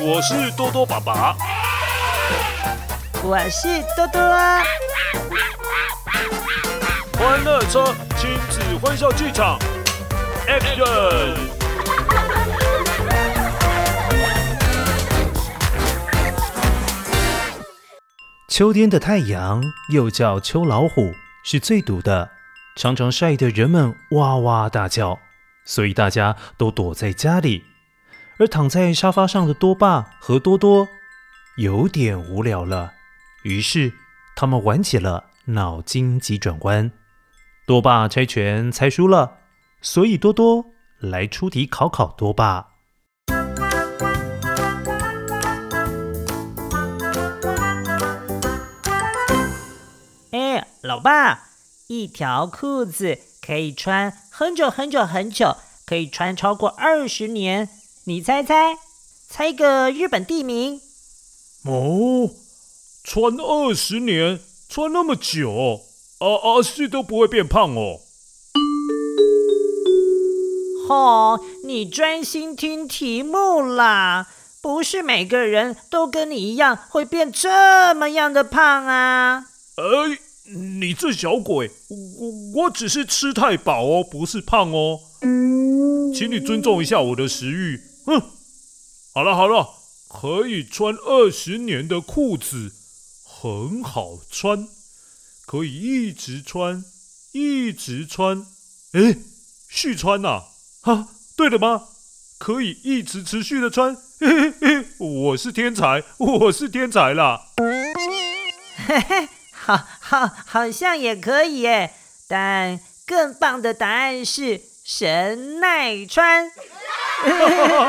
我是多多爸爸，我是多多。啊。歡樂車親子歡笑劇場，Action！秋天的太陽又叫秋老虎，是最毒的，常常曬得人們哇哇大叫，所以大家都躲在家裡。而躺在沙發上的多爸和多多有點無聊了，於是他們玩起了腦筋急轉彎。多爸猜拳猜輸了，所以多多來出題考考多爸。哎，老爸，一條褲子可以穿很久很久很久，可以穿超過二十年。你猜猜，猜個日本地名。哦，穿二十年，穿那麼久，阿、啊、阿、啊、四都不會變胖哦。哦，你專心聽題目啦，不是每個人都跟你一樣會變這麼樣的胖啊。哎，你這小鬼，我我只是吃太飽哦，不是胖哦，嗯、請你尊重一下我的食慾。嗯，好了好了，可以穿二十年的褲子，很好穿，可以一直穿，一直穿，哎，續穿啊？哈、啊，對了嗎？可以一直持續的穿，我是天才，我是天才啦，嘿嘿，好好好像也可以耶，但更棒的答案是神耐穿。哈哈哈哈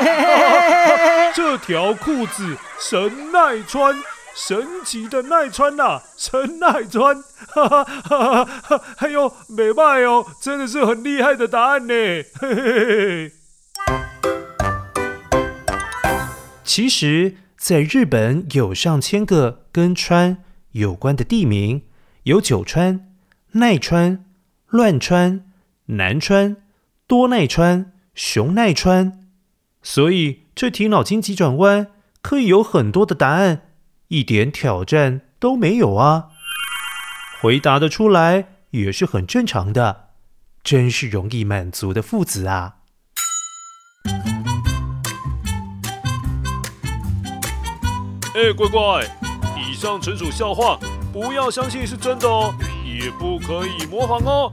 哈！這條褲子神耐穿，神奇的耐穿吶、啊，神耐穿！哈哈哈哈哈！哎呦，美邁哦，真的是很厲害的答案呢！嘿嘿嘿。其實，在日本有上千個跟“川”有關的地名，有九川、耐川、亂川、南川、多耐川、熊耐川。所以這題腦筋急轉彎可以有很多的答案，一點挑戰都沒有啊！回答得出來也是很正常的，真是容易滿足的父子啊！哎、欸，乖乖，以上純屬笑話，不要相信是真的哦，也不可以模仿哦。